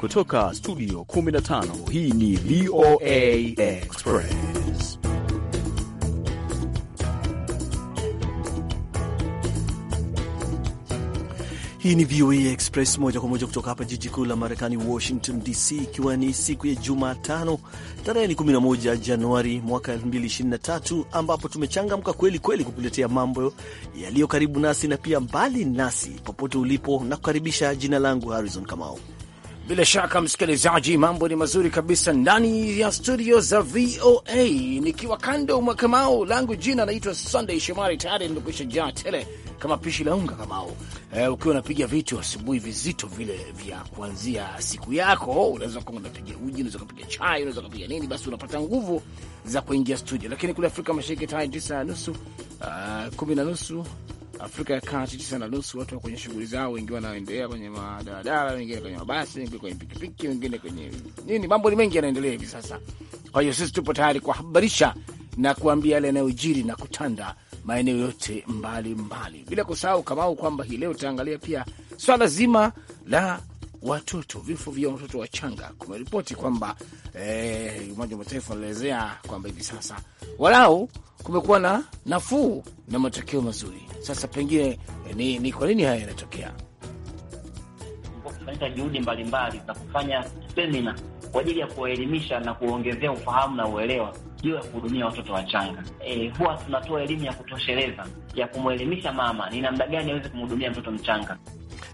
Kutoka studio 15 hii ni VOA Express. Hii ni VOA Express moja kwa moja kutoka hapa jiji kuu la Marekani, Washington DC, ikiwa ni siku ya Jumatano tarehe ni 11 Januari mwaka 2023, ambapo tumechangamka kweli kweli kukuletea mambo yaliyo karibu nasi na pia mbali nasi popote ulipo, na kukaribisha. Jina langu Harrison Kamau bila shaka msikilizaji, mambo ni mazuri kabisa ndani ya studio za VOA, nikiwa kando mwa kamao langu. Jina naitwa Sunday Shomari, tayari nimekwisha jaa tele kama pishi la unga kamao. Eh, ukiwa unapiga vitu asubuhi vizito vile vya kuanzia siku yako, unaweza kuwa unapiga uji, unaweza kupiga chai, unaweza kupiga nini, basi unapata nguvu za kuingia studio. Lakini kule Afrika Mashariki tayari tisa na nusu, uh, kumi na nusu Afrika ya Kati tisa na nusu, watu wa kwenye shughuli zao, wengi wanaendelea kwenye madaradara wengine kwenye mabasi, wengine kwenye pikipiki, wengine kwenye nini. Mambo ni mengi yanaendelea hivi sasa. Kwa hiyo sisi tupo tayari kuwahabarisha na kuambia yale yanayojiri na kutanda maeneo yote mbalimbali, bila kusahau Kamau kwamba hii leo utaangalia pia swala zima la watoto, vifo vya watoto wachanga. Kumeripoti kwamba eh, Umoja wa Mataifa unaelezea kwamba hivi sasa walau kumekuwa na nafuu na matokeo mazuri. Sasa pengine eh, ni, ni kwa nini haya yanatokea? Kufanyika juhudi mbalimbali za kufanya semina kwa ajili ya kuwaelimisha na kuongezea ufahamu na uelewa juu ya kuhudumia watoto wachanga. E, huwa tunatoa elimu ya kutosheleza ya kumwelimisha mama ni namna gani aweze kumhudumia mtoto mchanga,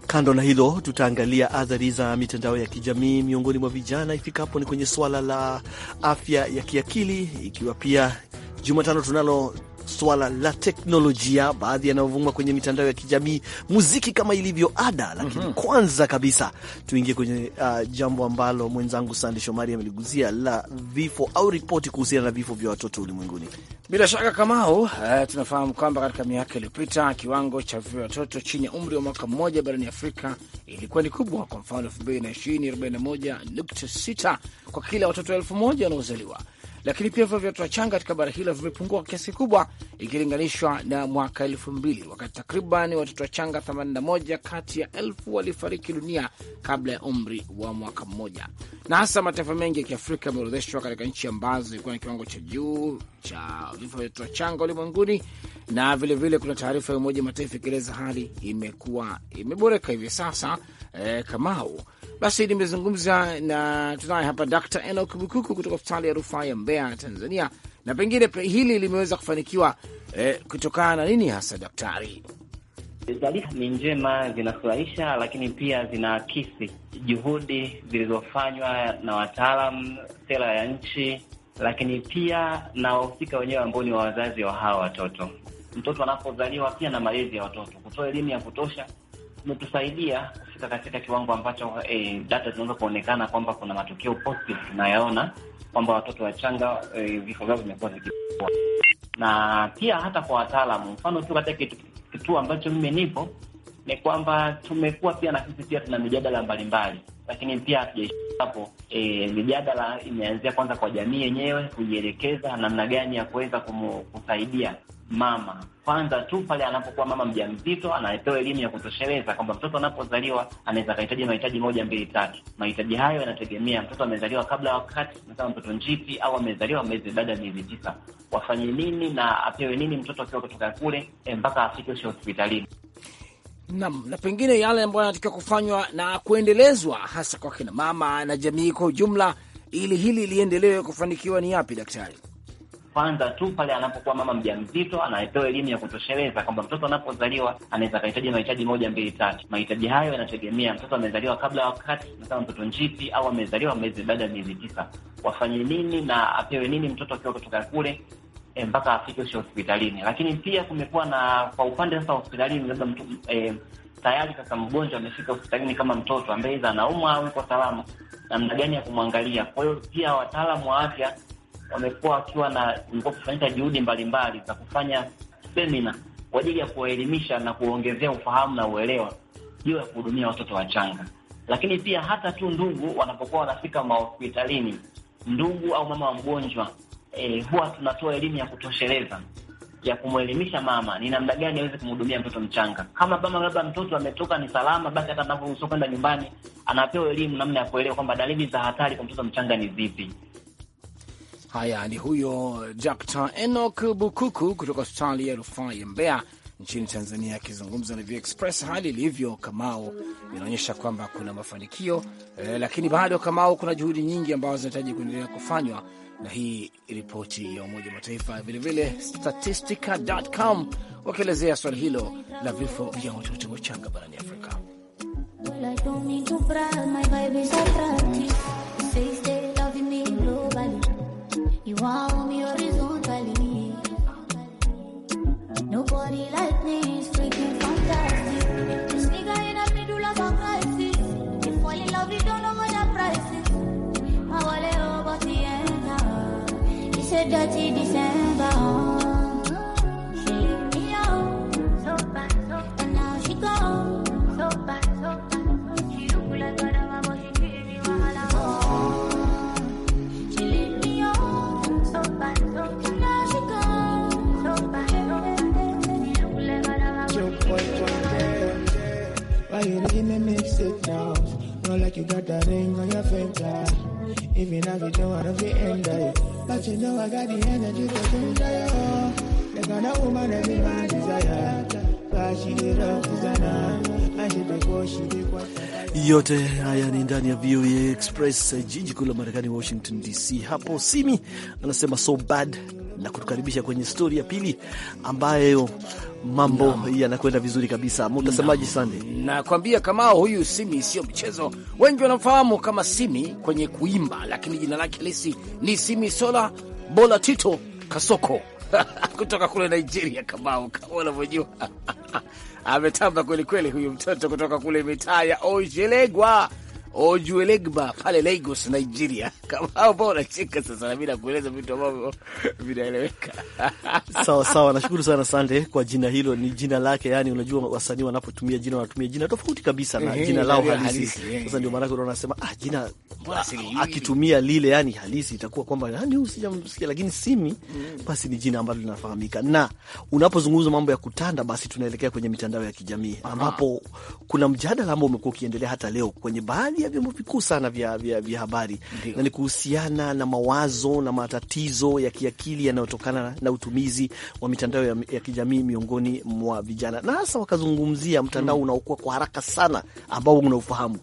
Kando na hilo, tutaangalia athari za mitandao ya kijamii miongoni mwa vijana ifikapo ni kwenye suala la afya ya kiakili, ikiwa pia Jumatano tunalo swala la teknolojia, baadhi yanayovuma kwenye mitandao ya kijamii, muziki kama ilivyo ada. Lakini mm -hmm. kwanza kabisa tuingie kwenye uh, jambo ambalo mwenzangu Sande Shomari ameliguzia la vifo au ripoti kuhusiana na vifo vya watoto ulimwenguni. Bila shaka Kamau, uh, tunafahamu kwamba katika miaka iliyopita kiwango cha vifo vya watoto chini ya umri wa mwaka mmoja barani Afrika ilikuwa ni kubwa. Kwa mfano elfu mbili na ishirini arobaini na moja nukta sita kwa kila watoto elfu moja wanaozaliwa lakini pia vifo vya watoto wachanga katika bara hilo vimepungua kwa kiasi kubwa ikilinganishwa na mwaka elfu mbili wakati takriban watoto wachanga 81 kati ya elfu walifariki dunia kabla ya umri wa mwaka mmoja, na hasa mataifa mengi ya Kiafrika yameorodheshwa katika nchi ambazo ilikuwa na kiwango cha juu cha vifo vya watoto wachanga ulimwenguni. Na vilevile vile kuna taarifa ya Umoja Mataifa ikieleza hali imekuwa imeboreka hivi sasa. Eh, Kamau, basi nimezungumza na tunaye hapa d Enoch Bukuku kutoka hospitali ya rufaa ya Mbeya, Tanzania, na pengine hili limeweza kufanikiwa eh, kutokana na nini hasa daktari? Taarifa ni njema, zinafurahisha, lakini pia zinaakisi juhudi zilizofanywa na wataalam, sera ya nchi, lakini pia na wahusika wenyewe ambao ni wazazi wa hawa watoto. Mtoto anapozaliwa pia na malezi ya watoto, kutoa elimu ya kutosha zimetusaidia kufika katika kiwango ambacho e, data zinaweza kuonekana kwamba kuna matukio positive tunayaona kwamba watoto wachanga e, vifo vyao vimekuwa vikipungua, na pia hata kwa wataalamu, mfano tu katika kituo ambacho mimi nipo ni kwamba tumekuwa pia na sisi pia tuna mijadala mbalimbali, lakini pia hatujaishia hapo. E, mijadala imeanzia kwanza kwa jamii yenyewe kujielekeza namna gani ya kuweza kusaidia mama kwanza tu pale anapokuwa mama mjamzito, anapewa elimu ya kutosheleza kwamba mtoto anapozaliwa anaweza akahitaji mahitaji moja, mbili, tatu. Mahitaji hayo yanategemea mtoto amezaliwa kabla ya wakati, kama mtoto njiti, au amezaliwa miezi baada ya miezi tisa, wafanye nini na apewe nini mtoto akiwa kutoka kule eh, mpaka afike hospitalini. Naam, na pengine yale ambayo yanatakiwa kufanywa na kuendelezwa hasa kwa kina mama na jamii kwa ujumla, ili hili liendelewe kufanikiwa ni yapi, daktari? kwanza tu pale anapokuwa mama mjamzito, anapewa elimu ya kutosheleza kwamba mtoto anapozaliwa anaweza akahitaji mahitaji moja, mbili, tatu. Mahitaji hayo yanategemea mtoto amezaliwa kabla ya wakati, kama mtoto njipi au amezaliwa miezi baada ya miezi tisa, wafanye nini na apewe nini mtoto akiwa kutoka kule E, mpaka afikishe hospitalini. Lakini pia kumekuwa na kwa upande sasa hospitalini, labda mtu e, tayari sasa mgonjwa amefika hospitalini kama mtoto ambaye anaumwa au yuko salama, namna gani ya kumwangalia. Kwa hiyo pia wataalamu wa afya wamekuwa wakiwa na kufanyika juhudi mbalimbali za kufanya semina kwa ajili ya kuwaelimisha na kuongezea ufahamu na uelewa juu ya kuhudumia watoto wachanga, lakini pia hata tu ndugu wanapokuwa wanafika mahospitalini, ndugu au mama wa mgonjwa e, huwa tunatoa elimu ya kutosheleza ya kumwelimisha mama ni namna gani aweze kumhudumia mtoto mchanga. Kama mama labda mtoto ametoka ni salama, basi hata anaporuhusiwa kwenda nyumbani, anapewa elimu namna ya kuelewa kwamba dalili za hatari kwa mtoto mchanga ni zipi, Haya, ni huyo Dr. Enoch Bukuku kutoka hospitali ya rufaa ya Mbeya nchini Tanzania akizungumza na Vio Express. Hali ilivyo Kamao inaonyesha kwamba kuna mafanikio eh, lakini bado Kamao kuna juhudi nyingi ambazo zinahitaji kuendelea kufanywa, na hii ripoti ya Umoja wa Mataifa vilevile statistica.com wakielezea swali hilo la vifo vya watoto wachanga barani Afrika. wow. yote haya ni ndani ya VOA Express, jiji kuu la Marekani, Washington DC. Hapo Simi anasema so bad, na kutukaribisha kwenye stori ya pili ambayo mambo yanakwenda vizuri kabisa. Mutasemaji Sande, nakwambia kamao, huyu Simi sio mchezo. Wengi wanamfahamu kama Simi kwenye kuimba, lakini jina lake halisi ni Simi Sola Bola Tito Kasoko. kutoka kule Nigeria, kabao kama unavyojua ametamba kwelikweli huyu mtoto kutoka kule mitaa ya Ojelegwa. Ojuelegba pale Lagos, Nigeria. Kama hao ambao unacheka sasa, nami nakueleza vitu ambavyo vinaeleweka. Sawa sawa, nashukuru sana Sande kwa jina hilo. Ni jina lake, yani unajua wasanii wanapotumia jina wanatumia jina tofauti kabisa na eh, jina lao halisi. Eh. Sasa ndio maanake unaona ah, jina ah, akitumia lile yani halisi itakuwa kwamba yani huyu sijamsikia, lakini Simi mm. basi ni jina ambalo linafahamika. Na unapozungumza mambo ya kutanda, basi tunaelekea kwenye mitandao ya kijamii ambapo kuna mjadala ambao umekuwa ukiendelea hata leo kwenye baadhi kupitia vyombo vikuu sana vya, vya, vya habari Ndiyo. na ni kuhusiana na mawazo na matatizo ya kiakili yanayotokana na utumizi wa mitandao ya, ya kijamii miongoni mwa vijana, na hasa wakazungumzia mtandao mm. unaokuwa kwa haraka sana ambao unaufahamu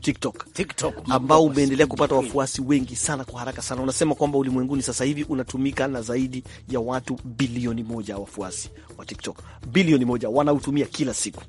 TikTok, TikTok ambao umeendelea kupata hmm. wafuasi wengi sana kwa haraka sana. Unasema kwamba ulimwenguni sasa hivi unatumika na zaidi ya watu bilioni moja, wafuasi wa TikTok bilioni moja wanautumia kila siku.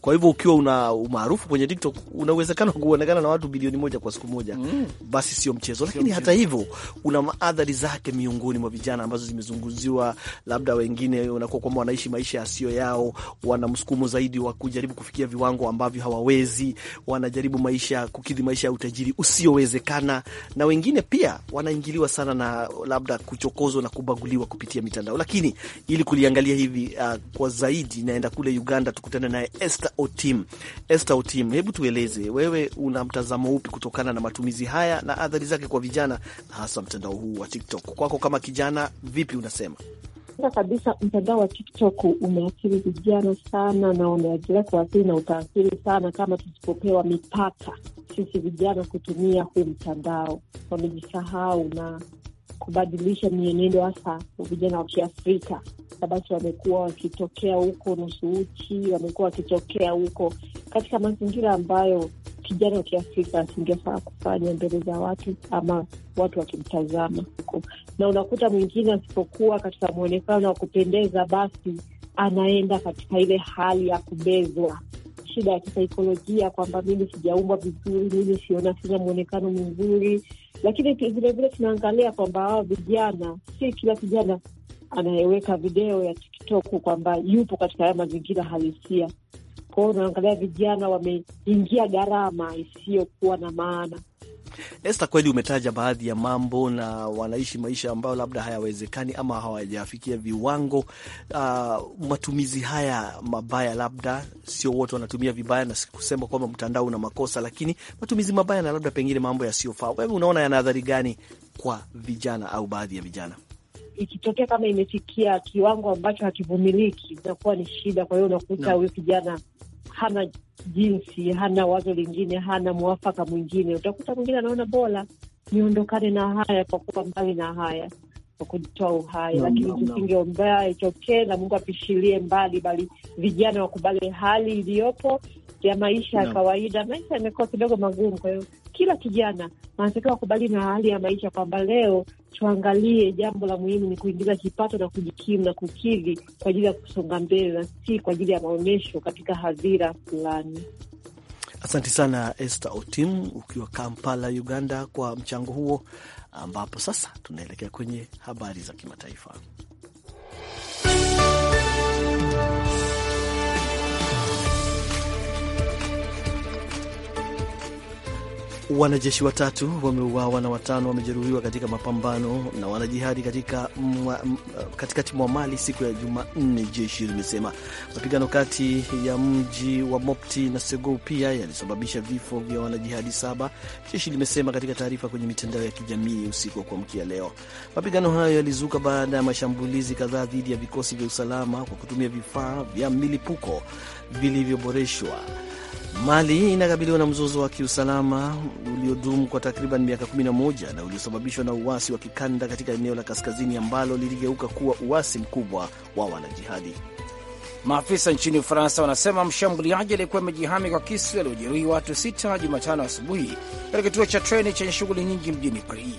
Kwa hivyo ukiwa una umaarufu kwenye TikTok una uwezekano wa kuonekana na watu bilioni moja kwa siku moja mm. Basi sio mchezo, lakini mchezo. Hata hivyo una maadhari zake miongoni mwa vijana ambazo zimezungumziwa, labda wengine unakuwa kwamba wanaishi maisha yasiyo yao, wana msukumo zaidi wa kujaribu kufikia viwango ambavyo hawawezi, wanajaribu maisha kukidhi maisha ya utajiri usiowezekana, na wengine pia wanaingiliwa sana na labda kuchokozwa na kubaguliwa kupitia mitandao. Lakini ili kuliangalia hivi uh, kwa zaidi naenda kule Uganda tukutane naye Esther Esther Otim. Esther Otim, hebu tueleze wewe una mtazamo upi kutokana na matumizi haya na athari zake kwa vijana na hasa mtandao huu wa TikTok? Kwako kama kijana, vipi unasema? Kwanza kabisa mtandao wa TikTok umeathiri vijana sana, na unaendelea kuathiri na utaathiri sana kama tusipopewa mipaka sisi vijana kutumia huu mtandao. Wamejisahau na kubadilisha mienendo, hasa vijana wa Kiafrika sababu wamekuwa wakitokea huko nusu uchi, wamekuwa wakitokea huko katika mazingira ambayo kijana wa Kiafrika asingefaa kufanya mbele za watu ama watu wakimtazama huko, na unakuta mwingine asipokuwa katika mwonekano wa kupendeza, basi anaenda katika ile hali ya kubezwa shida ya kisaikolojia kwamba mimi sijaumbwa vizuri, mimi siona, sina mwonekano mzuri. Lakini vilevile tunaangalia kwamba hawa vijana, si kila kijana anayeweka video ya TikTok kwamba yupo katika haya mazingira halisia. kwao. unaangalia vijana wameingia gharama isiyokuwa na maana Esta, kweli umetaja baadhi ya mambo na wanaishi maisha ambayo labda hayawezekani ama hawajafikia viwango. Uh, matumizi haya mabaya, labda sio wote wanatumia vibaya, na sikusema kwamba mtandao una makosa, lakini matumizi mabaya na labda pengine mambo yasiyofaa, wewe unaona yana gani kwa vijana au baadhi ya vijana? Ikitokea kama imefikia kiwango ambacho hakivumiliki, inakuwa ni shida. Kwa hiyo unakuta huyo no. kijana hana jinsi, hana wazo lingine, hana mwafaka mwingine. Utakuta mwingine anaona bora niondokane na haya kwa kuwa mbali na haya kwa kujitoa uhai no, lakini tusingeombea no. Itokee na Mungu apishilie mbali, bali vijana wakubali hali iliyopo ya maisha ya kawaida. Maisha yamekuwa kidogo magumu, kwa hiyo kila kijana anatakiwa wakubali na hali ya maisha kwamba leo tuangalie jambo la muhimu ni kuingiza kipato na kujikimu na kukidhi kwa ajili ya kusonga mbele na si kwa ajili ya maonyesho katika hadhira fulani. Asante sana Esther Otim ukiwa Kampala, Uganda, kwa mchango huo, ambapo sasa tunaelekea kwenye habari za kimataifa. Wanajeshi watatu wameuawa na watano wamejeruhiwa katika mapambano na wanajihadi katika katikati mwa Mali siku ya Jumanne, jeshi limesema. Mapigano kati ya mji wa Mopti na Segou pia yalisababisha vifo vya wanajihadi saba, jeshi limesema katika taarifa kwenye mitandao ya kijamii usiku wa kuamkia leo. Mapigano hayo yalizuka baada ya mashambulizi kadhaa dhidi ya vikosi vya usalama kwa kutumia vifaa vya milipuko vilivyoboreshwa Mali inakabiliwa na mzozo wa kiusalama uliodumu kwa takriban miaka 11 na uliosababishwa na uasi wa kikanda katika eneo la kaskazini ambalo liligeuka kuwa uasi mkubwa wa wanajihadi. Maafisa nchini Ufaransa wanasema mshambuliaji aliyekuwa amejihami kwa kisu aliojeruhi watu sita Jumatano asubuhi katika kituo cha treni chenye shughuli nyingi mjini Paris.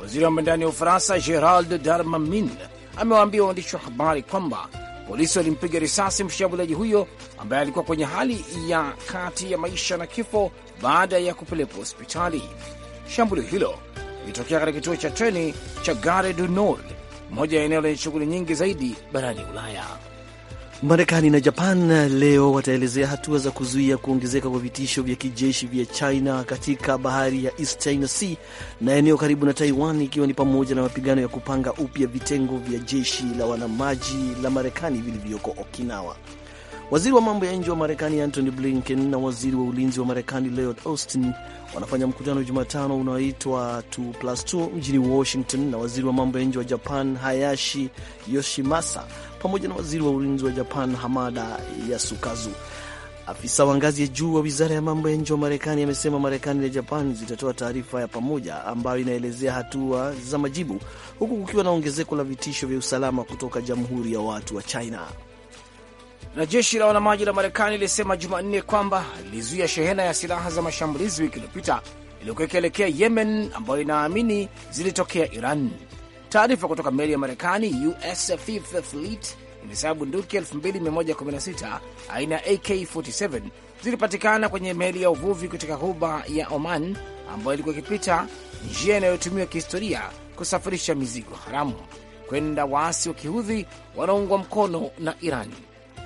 Waziri wa mambo ya ndani Ufaransa Gerald Darmanin amewaambia waandishi wa habari kwamba Polisi walimpiga risasi mshambuliaji huyo ambaye alikuwa kwenye hali ya kati ya maisha na kifo baada ya kupelekwa hospitali. Shambulio hilo lilitokea katika kituo cha treni cha Gare du Nord, moja ya eneo lenye shughuli nyingi zaidi barani Ulaya. Marekani na Japan leo wataelezea hatua za kuzuia kuongezeka kwa vitisho vya kijeshi vya China katika bahari ya East China Sea na eneo karibu na Taiwan, ikiwa ni pamoja na mapigano ya kupanga upya vitengo vya jeshi la wanamaji la Marekani vilivyoko Okinawa. Waziri wa mambo ya nje wa Marekani Antony Blinken na waziri wa ulinzi wa Marekani Lloyd Austin wanafanya mkutano Jumatano unaoitwa 2 mjini Washington na waziri wa mambo ya nje wa Japan Hayashi Yoshimasa pamoja na waziri wa ulinzi wa Japan Hamada Yasukazu. Afisa wa ngazi ya juu wa wizara ya mambo ya nje wa Marekani amesema Marekani na Japan zitatoa taarifa ya pamoja ambayo inaelezea hatua za majibu, huku kukiwa na ongezeko la vitisho vya usalama kutoka Jamhuri ya Watu wa China. Na jeshi la wanamaji la Marekani lilisema Jumanne kwamba lilizuia shehena ya silaha za mashambulizi wiki iliyopita iliyokuwa ikielekea Yemen, ambayo inaamini zilitokea Iran. Taarifa kutoka meli ya Marekani US Fifth Fleet imesema bunduki 2116 aina ya AK47 zilipatikana kwenye meli ya uvuvi katika ghuba ya Oman ambayo ilikuwa ikipita njia inayotumiwa kihistoria kusafirisha mizigo haramu kwenda waasi wa kihudhi wanaoungwa mkono na Irani.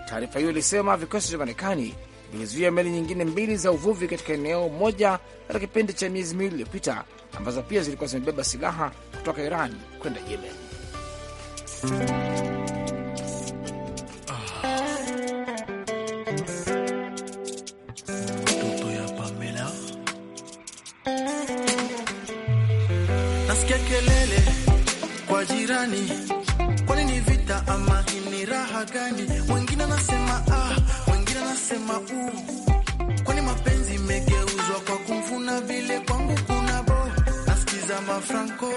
Taarifa hiyo ilisema vikosi vya Marekani ilizuia meli nyingine mbili za uvuvi katika eneo moja katika kipindi cha miezi miwili iliyopita ambazo pia zilikuwa zimebeba silaha kutoka Iran kwenda Yemen. Toto ya Pamela kelele kwa jirani, vita ama ni raha gani? Wengine nasema ah nasema u kwani mapenzi megeuzwa kwa kumfuna vile kwangu kuna bo, nasikiza mafranco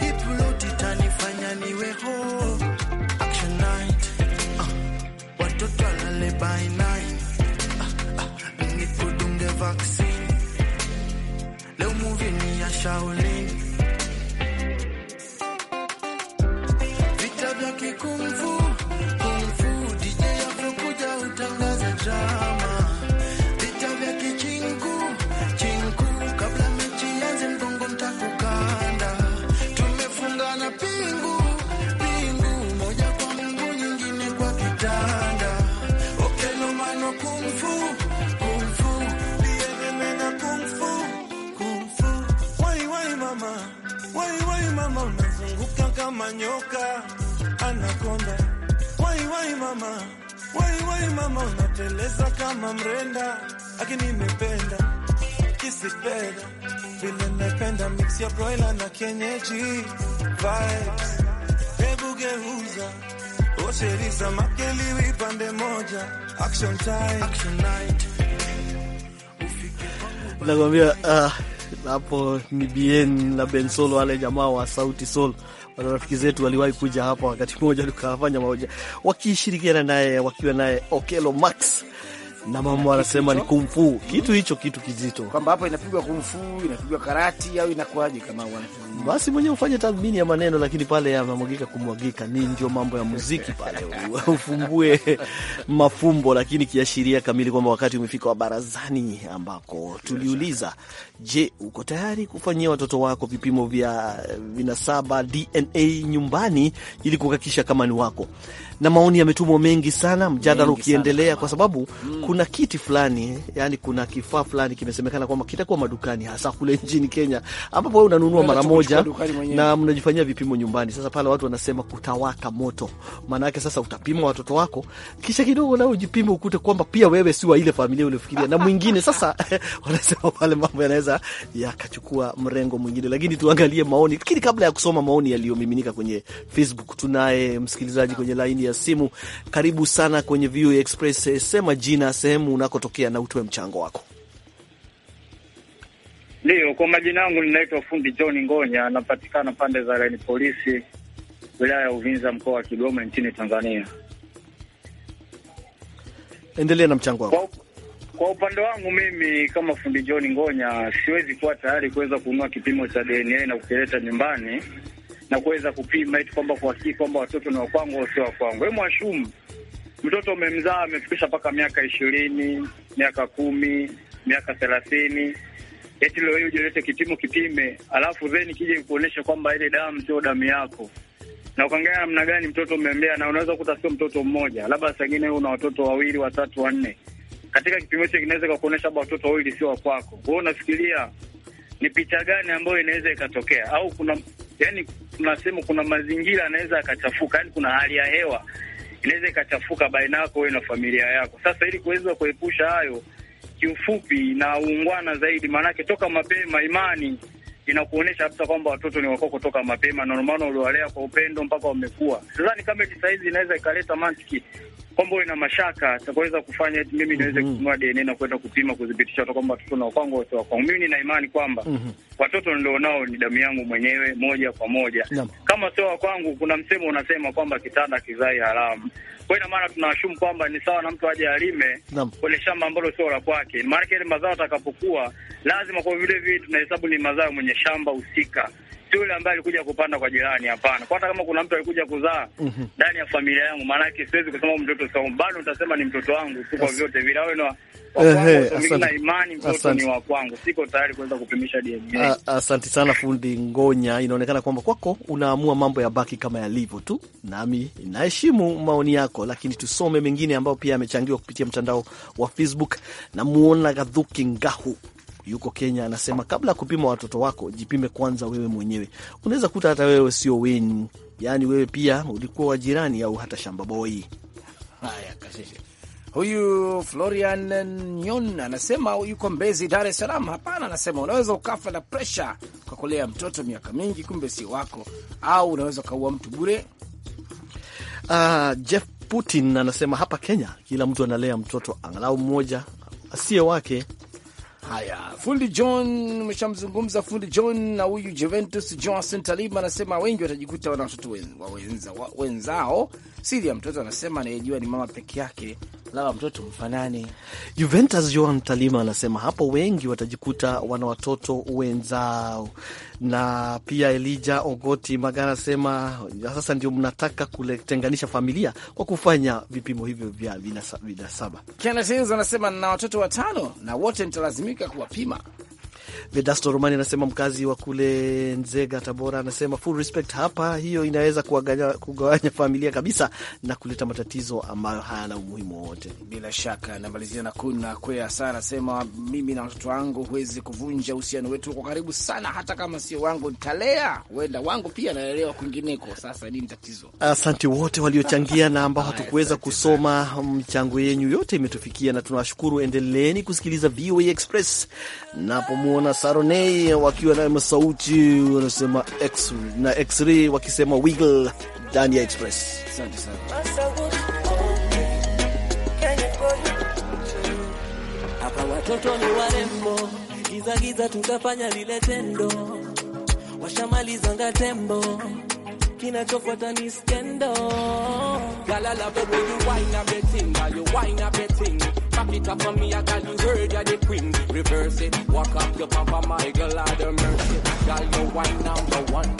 hipuloti tanifanya niwe ho action night uh, watoto by nine uh, ah, uh, ah, nikudunge vaccine leo muvi ni ya vibes, hebu geuza osheri moja, action time, action night. Nakwambia uh, hapo ni bien la Ben Solo, wale jamaa wa Sauti Sol wale rafiki zetu waliwahi kuja hapa wakati mmoja, tukafanya mahoja wakishirikiana naye wakiwa naye Okelo Max na mama anasema ni kumfu kitu hicho, kitu kizito, kwamba hapo inapigwa kumfu, inapigwa karati au inakuaje? Kama basi mwenyewe ufanye tathmini ya maneno, lakini pale yamemwagika kumwagika, ni ndio mambo ya muziki pale ufumbue mafumbo, lakini kiashiria kamili kwamba wakati umefika wa barazani, ambako tuliuliza, je, uko tayari kufanyia watoto wako vipimo vya vinasaba DNA nyumbani ili kuhakikisha kama ni wako na maoni yametumwa mengi sana, mjadala ukiendelea kwa sababu mm, kuna kiti fulani, yani kuna kifaa fulani kimesemekana kwamba kitakuwa madukani, hasa kule nchini Kenya ambapo wewe unanunua mara moja na mnajifanyia vipimo nyumbani. Sasa pale watu wanasema kutawaka moto, maana yake sasa utapima watoto wako, kisha kidogo nao ujipime, ukute kwamba pia wewe si wa ile familia uliofikiria na mwingine sasa. wanasema pale mambo yanaweza yakachukua mrengo mwingine, lakini tuangalie maoni, lakini kabla ya kusoma maoni yaliyomiminika kwenye Facebook, tunaye msikilizaji kwenye laini ya simu. Karibu sana kwenye VOA Express. Eh, sema jina, sehemu unakotokea na utoe mchango wako. ndio kwa majina yangu ninaitwa Fundi John Ngonya, anapatikana pande za Laini Polisi, wilaya ya Uvinza, mkoa wa Kigoma, nchini Tanzania. Endelea na mchango wako. Kwa, kwa upande wangu mimi kama Fundi John Ngonya siwezi kuwa tayari kuweza kununua kipimo cha DNA na kukileta nyumbani na kuweza kupima eti kwamba kuhakiki kwamba watoto ni wakwangu au sio wakwangu. Hebu mwashumu mtoto umemzaa amefikisha mpaka miaka ishirini, miaka kumi, miaka thelathini, eti leo hii ujolete kipimo kipime, alafu then kija kuonyesha kwamba ile damu sio damu yako na ukaangalia namna gani mtoto umembea, na unaweza kukuta sio mtoto mmoja, labda sangine una watoto wawili, watatu, wanne. Katika kipimo hicho kinaweza kakuonyesha labda watoto wawili sio wakwako. Wewe unafikiria ni picha gani ambayo inaweza ikatokea? Au kuna yani tunasema kuna mazingira anaweza akachafuka, yani kuna hali ya hewa inaweza ikachafuka baina yako wewe na familia yako. Sasa ili kuweza kuepusha hayo, kiufupi na uungwana zaidi, maanake toka mapema imani inakuonyesha hata kwamba watoto ni wako kutoka mapema, na ndio maana uliwalea kwa upendo mpaka wamekua Sidhani kama hizi saizi inaweza ikaleta mantiki kwamba ina mashaka ataweza kufanya eti mimi niweze mm -hmm. kununua DNA na kwenda kupima kudhibitisha kwamba watoto na wakwangu wote wako. Mimi nina imani kwamba mm -hmm. watoto ndio nao ni damu yangu mwenyewe moja kwa moja yeah. Kama sio wakwangu, kuna msemo unasema kwamba kitanda kizai haramu. Kwa ina maana tunashumu kwamba ni sawa na mtu aje alime kwenye shamba ambalo sio la kwake, maana yake mazao atakapokuwa lazima, kwa vile vile tunahesabu ni mazao mwenye shamba husika si yule ambaye alikuja kupanda kwa jirani, hapana. Kwa hata kama kuna mtu alikuja kuzaa mhm. ndani mm -hmm. ya familia yangu, maanake siwezi kusema mtoto sawa, bado nitasema ni mtoto wangu tu kwa vyote vile, awe na Asante sana fundi Ngonya, inaonekana kwamba kwako unaamua mambo ya baki kama yalivyo tu, nami naheshimu maoni yako, lakini tusome mengine ambayo pia yamechangiwa kupitia mtandao wa Facebook. Namuona Gadhuki Ngahu yuko Kenya, anasema kabla ya kupima watoto wako jipime kwanza wewe mwenyewe. Unaweza kuta hata wewe sio wenu, yaani wewe pia ulikuwa wa jirani au hata shamba boi. Haya, kashishe Huyu Florian Nyon anasema yuko Mbezi, Dar es Salaam. Hapana, anasema unaweza ukafa na presha kwa kulea mtoto miaka mingi, kumbe sio wako, au unaweza ukaua mtu bure. Uh, Jeff Putin anasema hapa Kenya kila mtu analea mtoto angalau mmoja asiye wake Haya, fundi John umeshamzungumza fundi John na huyu Juventus Johnson Talib anasema wengi watajikuta wana watoto wenzao. Siri ya mtoto anasema anayejua ni mama peke yake lawa mtoto mfanani. Juventus Joan Talima anasema hapo wengi watajikuta wana watoto wenzao. Na pia Elija Ogoti Magara anasema sasa ndio mnataka kutenganisha familia kwa kufanya vipimo hivyo vya vinasaba. Kenasins anasema na watoto watano na wote nitalazimika kuwapima Vedasto Romani anasema mkazi wa kule Nzega, Tabora, anasema full respect hapa, hiyo inaweza kuwaganya, kugawanya familia kabisa na kuleta matatizo ambayo hayana umuhimu wowote. Bila shaka namalizia na kuna kwea sana, anasema mimi na watoto wangu huwezi kuvunja uhusiano wetu kwa karibu sana, hata kama sio wangu ntalea, huenda wangu pia naelewa kwingineko. Sasa nini tatizo? Asante wote waliochangia na ambao hatukuweza kusoma michango yenyu yote imetufikia, na tunawashukuru. Endeleeni kusikiliza VOA Express napomwona Saronei wakiwa na sauti wanasema X na X-ray wakisema wiggle ndani ya Express. Asante sana. Hapa watoto ni warembo, giza giza tukafanya lile tendo. Washamaliza ngatembo. Kinachofuata ni skendo. Galala baby you wine up betting, you wine up betting. Pack it up for me, I call you heard you're the queen. Reverse it, walk up your papa, my girl, out of mercy. Girl, you are one number one.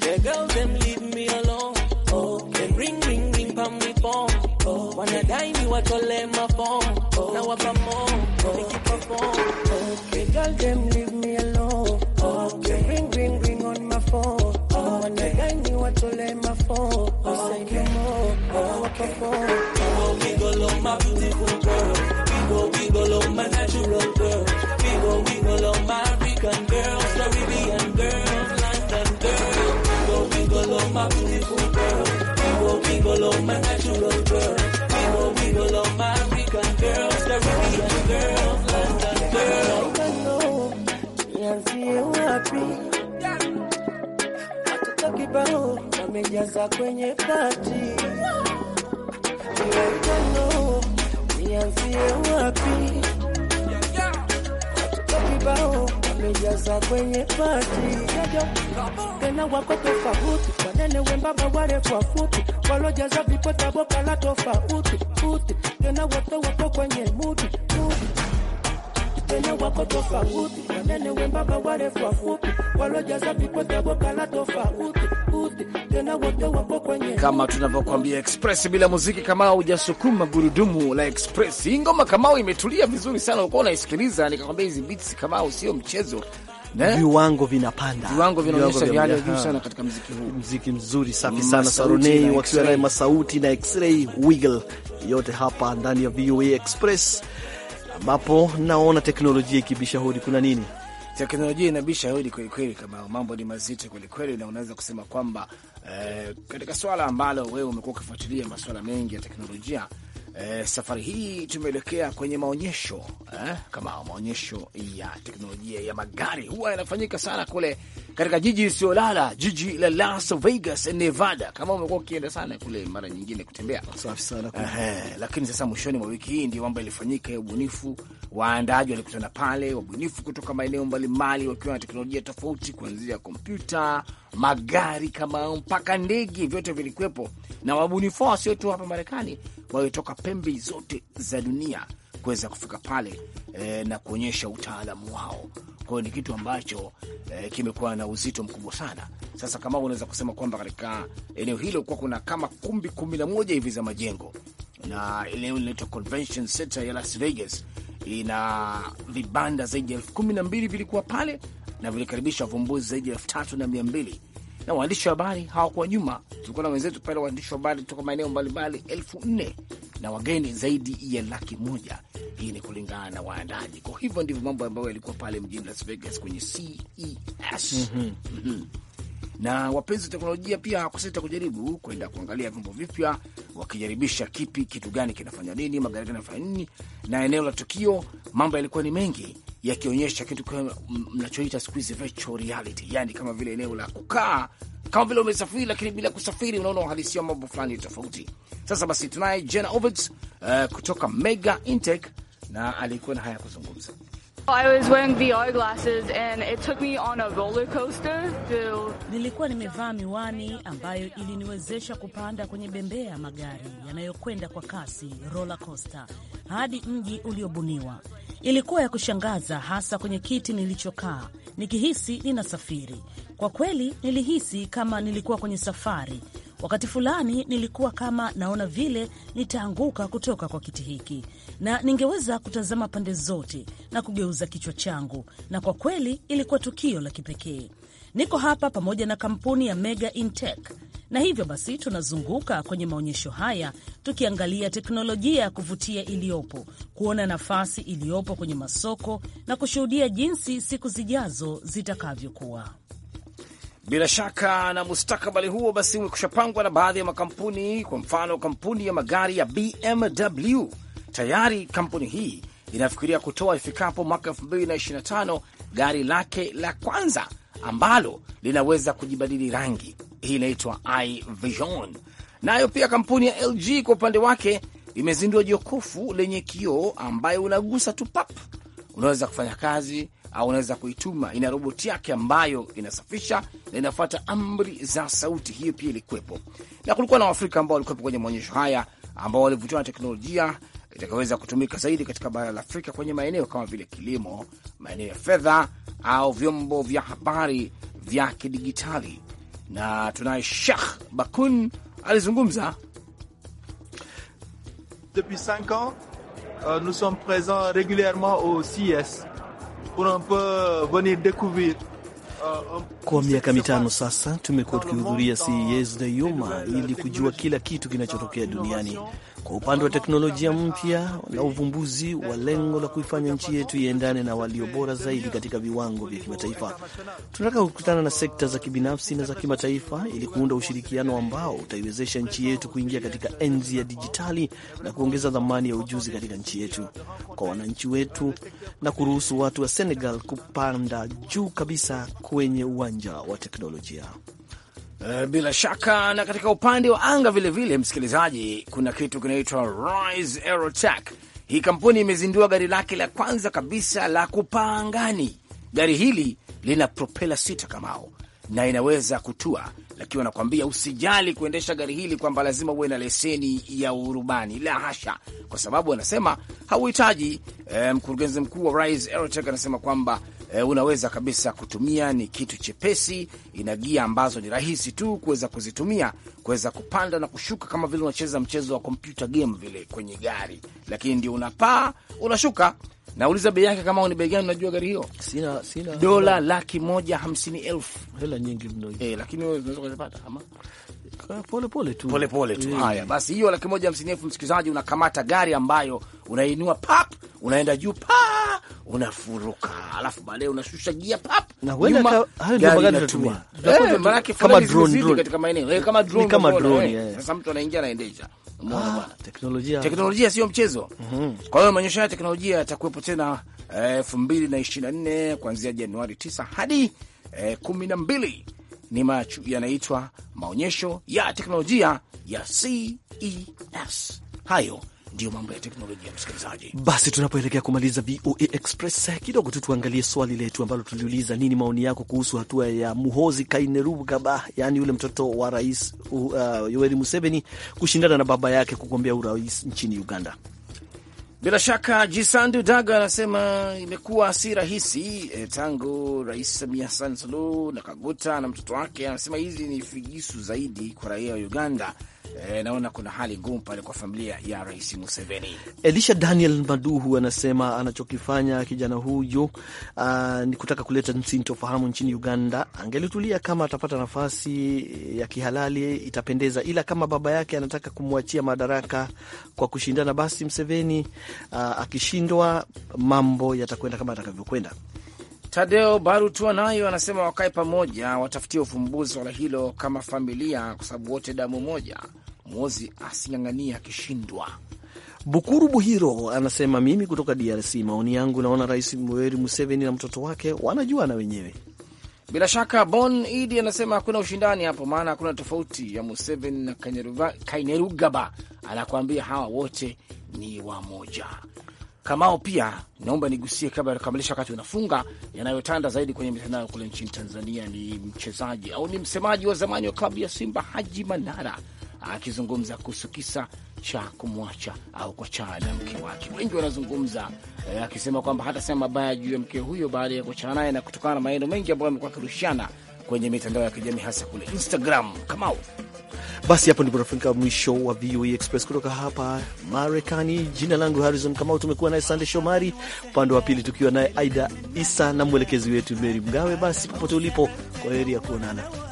The girls them leave me alone. Oh, them ring ring ring pon me phone. Oh, wanna die me what all them my phone. Oh, now I'm on oh, keep a phone. Oh, the girls them leave me alone. Oh, them ring ring ring on my phone. Oh, wanna die me what all them my phone. Oh, say no more, oh, keep a phone. me love my beautiful. nimejaza kwenye pati iwekano, nianzie wapi? Watoto kibao wamejaza kwenye pati tena, wako tofauti, wanene wembamba, warefu wafupi, walojaza vipota boka la tofauti uti, tena wote wako kwenye muti muti Wakenya wako tofauti, wanene wembamba, warefu, wafupi, walojaza vipota boka la tofauti kama tunavyokuambia Express bila muziki kama hujasukuma gurudumu la Express. Hii ngoma kama imetulia vizuri sana, ukuwa unaisikiliza nikakwambia, hizi beats kama sio mchezo, viwango vinapanda, viwango vinaonyesha vyale juu sana katika mziki huu. mziki mzuri safi sana, Sarunei wakiwa naye Masauti na X-Ray Wiggle, yote hapa ndani ya VOA Express ambapo naona teknolojia ikibisha hodi. Kuna nini? Teknolojia inabisha hodi kwelikweli, kama mambo ni mazito kwelikweli, na unaweza kusema kwamba eh, katika swala ambalo wewe umekuwa ukifuatilia masuala mengi ya teknolojia eh, safari hii tumeelekea kwenye maonyesho eh, kama maonyesho ya teknolojia ya magari huwa yanafanyika sana kule katika jiji isiyolala, jiji la Las Vegas, Nevada. Kama umekuwa ukienda sana kule mara nyingine kutembea, safi sana eh, lakini sasa mwishoni mwa wiki hii ndio mambo yalifanyika ya ubunifu. Waandaji walikutana pale, wabunifu kutoka maeneo mbalimbali wakiwa na teknolojia tofauti, kuanzia kompyuta, magari kama mpaka ndege, vyote vilikuwepo na wabunifu wasio tu hapa Marekani waliotoka pembe zote za dunia kuweza kufika pale e, na kuonyesha utaalamu wao. Kwa hiyo ni kitu ambacho e, kimekuwa na uzito mkubwa sana. Sasa kama unaweza kusema kwamba katika eneo hilo kuwa kuna kama kumbi kumi na moja hivi za majengo, na eneo linaitwa Convention Center ya Las Vegas ina vibanda zaidi ya elfu kumi na mbili vilikuwa pale na vilikaribisha wavumbuzi zaidi ya elfu tatu na mia mbili na waandishi wa habari hawakuwa nyuma. Tulikuwa na wenzetu pale waandishi wa habari kutoka maeneo mbalimbali elfu nne na wageni zaidi ya laki moja. Hii ni kulingana na waandaji. Kwa hivyo ndivyo mambo ambayo yalikuwa pale mjini Las Vegas kwenye CES. mm -hmm. Mm -hmm. Na wapenzi wa teknolojia pia hawakusita kujaribu kwenda kuangalia vyombo vipya, wakijaribisha kipi, kitu gani kinafanya nini, magari yanafanya nini, na eneo la tukio mambo yalikuwa ni mengi yakionyesha kitu mnachoita siku hizi virtual reality, yani kama vile eneo la kukaa kama vile umesafiri, lakini bila kusafiri, unaona uhalisia wa mambo fulani tofauti. Sasa basi, tunaye Jenna Ovitz uh, eh, kutoka Mega Intech na alikuwa na haya kuzungumza. Nilikuwa nimevaa miwani ambayo iliniwezesha kupanda kwenye bembea ya magari yanayokwenda kwa kasi, roller coaster, hadi mji uliobuniwa. Ilikuwa ya kushangaza, hasa kwenye kiti nilichokaa, nikihisi ninasafiri. Kwa kweli, nilihisi kama nilikuwa kwenye safari. Wakati fulani nilikuwa kama naona vile nitaanguka kutoka kwa kiti hiki, na ningeweza kutazama pande zote na kugeuza kichwa changu, na kwa kweli ilikuwa tukio la kipekee. Niko hapa pamoja na kampuni ya Mega Intech na hivyo basi tunazunguka kwenye maonyesho haya tukiangalia teknolojia ya kuvutia iliyopo, kuona nafasi iliyopo kwenye masoko na kushuhudia jinsi siku zijazo zitakavyokuwa. Bila shaka na mustakabali huo basi umekushapangwa na baadhi ya makampuni. Kwa mfano, kampuni ya magari ya BMW, tayari kampuni hii inafikiria kutoa ifikapo mwaka 2025 gari lake la kwanza ambalo linaweza kujibadili rangi hii inaitwa iVision. Nayo pia kampuni ya LG kwa upande wake imezindua jokofu lenye kioo ambayo unagusa tu pap, unaweza kufanya kazi au unaweza kuituma. Ina roboti yake ambayo inasafisha na inafuata amri za sauti. Hiyo pia ilikuwepo, na kulikuwa na Waafrika ambao walikuwepo kwenye maonyesho haya ambao walivutiwa na teknolojia itakaweza kutumika zaidi katika bara la Afrika kwenye maeneo kama vile kilimo, maeneo ya fedha au vyombo vya habari vya kidigitali na tunaye Shekh Bakun alizungumza Depuis 5 ans uh, nous sommes présents régulièrement au CES pour un peu euh, venir découvrir euh, kwa miaka mitano sasa tumekuwa tukihudhuria CES Dayoma ili kujua kila kitu kinachotokea duniani kwa upande wa teknolojia mpya na uvumbuzi wa lengo la kuifanya nchi yetu iendane na walio bora zaidi katika viwango vya kimataifa. Tunataka kukutana na sekta za kibinafsi na za kimataifa ili kuunda ushirikiano ambao utaiwezesha nchi yetu kuingia katika enzi ya dijitali na kuongeza dhamani ya ujuzi katika nchi yetu kwa wananchi wetu na kuruhusu watu wa Senegal kupanda juu kabisa kwenye uwanja wa teknolojia. Eh, bila shaka. Na katika upande wa anga vilevile vile, msikilizaji, kuna kitu kinaitwa Rise Aerotech. Hii kampuni imezindua gari lake la kwanza kabisa la kupaa angani. Gari hili lina propela sita kamao na inaweza kutua, lakini wanakuambia usijali kuendesha gari hili kwamba lazima uwe na leseni ya urubani. La hasha, kwa sababu wanasema hauhitaji. Eh, mkurugenzi mkuu wa Rise Aerotech anasema kwamba e, unaweza kabisa kutumia. Ni kitu chepesi, ina gia ambazo ni rahisi tu kuweza kuzitumia kuweza kupanda na kushuka, kama vile unacheza mchezo wa kompyuta game vile kwenye gari, lakini ndio unapaa, unashuka. Nauliza bei yake, kama ni bei gani? Unajua gari hiyo sina, sina dola laki moja hamsini elfu hela nyingi mno, eh, lakini unaweza kuzipata ama polepole tu, pole pole tu. Eh. Haya basi, hiyo laki moja hamsini elfu msikilizaji, unakamata gari ambayo unainua pap, unaenda juu pa, unafuruka, alafu baadaye unashusha gia pap, na huenda hayo ndio magari tunatumia, maanake eh, kama drone katika maeneo eh, kama drone kama drone. Sasa mtu anaingia anaendesha Ah, teknolojia teknolojia sio mchezo. mm -hmm. Kwa hiyo maonyesho ya teknolojia yatakuwepo tena elfu mbili na ishirini na nne kuanzia Januari tisa hadi kumi na mbili ni machu, yanaitwa maonyesho ya teknolojia ya CES. Hayo ndiyo mambo ya teknolojia, msikilizaji. Basi tunapoelekea kumaliza VOA Express, eh, kidogo tu tuangalie swali letu ambalo tuliuliza, nini maoni yako kuhusu hatua ya Muhozi Kainerugaba, yaani yule mtoto wa rais uh, Yoweri Museveni kushindana na baba yake kugombea urais nchini Uganda? Bila shaka Jisandu Daga anasema imekuwa si rahisi e, tangu Rais Samia Hassan Suluhu na Kaguta na mtoto wake. Anasema hizi ni figisu zaidi kwa raia wa Uganda E, naona kuna hali ngumu pale kwa familia ya Rais Museveni. Elisha Daniel Maduhu anasema anachokifanya kijana huyo uh, ah, ni kutaka kuleta sintofahamu nchini Uganda. Angelitulia kama atapata nafasi ya kihalali itapendeza, ila kama baba yake anataka kumwachia madaraka kwa kushindana, basi Museveni uh, akishindwa, mambo yatakwenda kama atakavyokwenda. Tadeo Barutua nayo anasema wakae pamoja, watafutie ufumbuzi swala hilo kama familia, kwa sababu wote damu moja, mwozi asing'ang'ania akishindwa. Bukuru Buhiro anasema mimi kutoka DRC, maoni yangu naona Rais Mweri Museveni na mtoto wake wanajua na wenyewe. Bila shaka Bon Idi anasema hakuna ushindani hapo, maana hakuna tofauti ya Museveni na Kainerugaba, anakuambia hawa wote ni wamoja. Kamao, pia naomba nigusie kabla ya kukamilisha, wakati unafunga, yanayotanda zaidi kwenye mitandao kule nchini Tanzania ni mchezaji au ni msemaji wa zamani wa klabu ya Simba Haji Manara akizungumza kuhusu kisa cha kumwacha au kuachana na mke wake. Wengi wanazungumza eh, akisema kwamba hatasema mabaya juu ya mke huyo baada ya kuachana naye, na kutokana na maneno mengi ambayo amekuwa akirushiana kwenye mitandao ya kijamii hasa kule Instagram. Kamao, basi hapo ndipo tunafika mwisho wa VOA e Express kutoka hapa Marekani. Jina langu Harrison Kamau, tumekuwa naye Sande Shomari upande wa pili, tukiwa naye Aida Isa na mwelekezi wetu Meri Mgawe. Basi popote ulipo, kwa heri ya kuonana.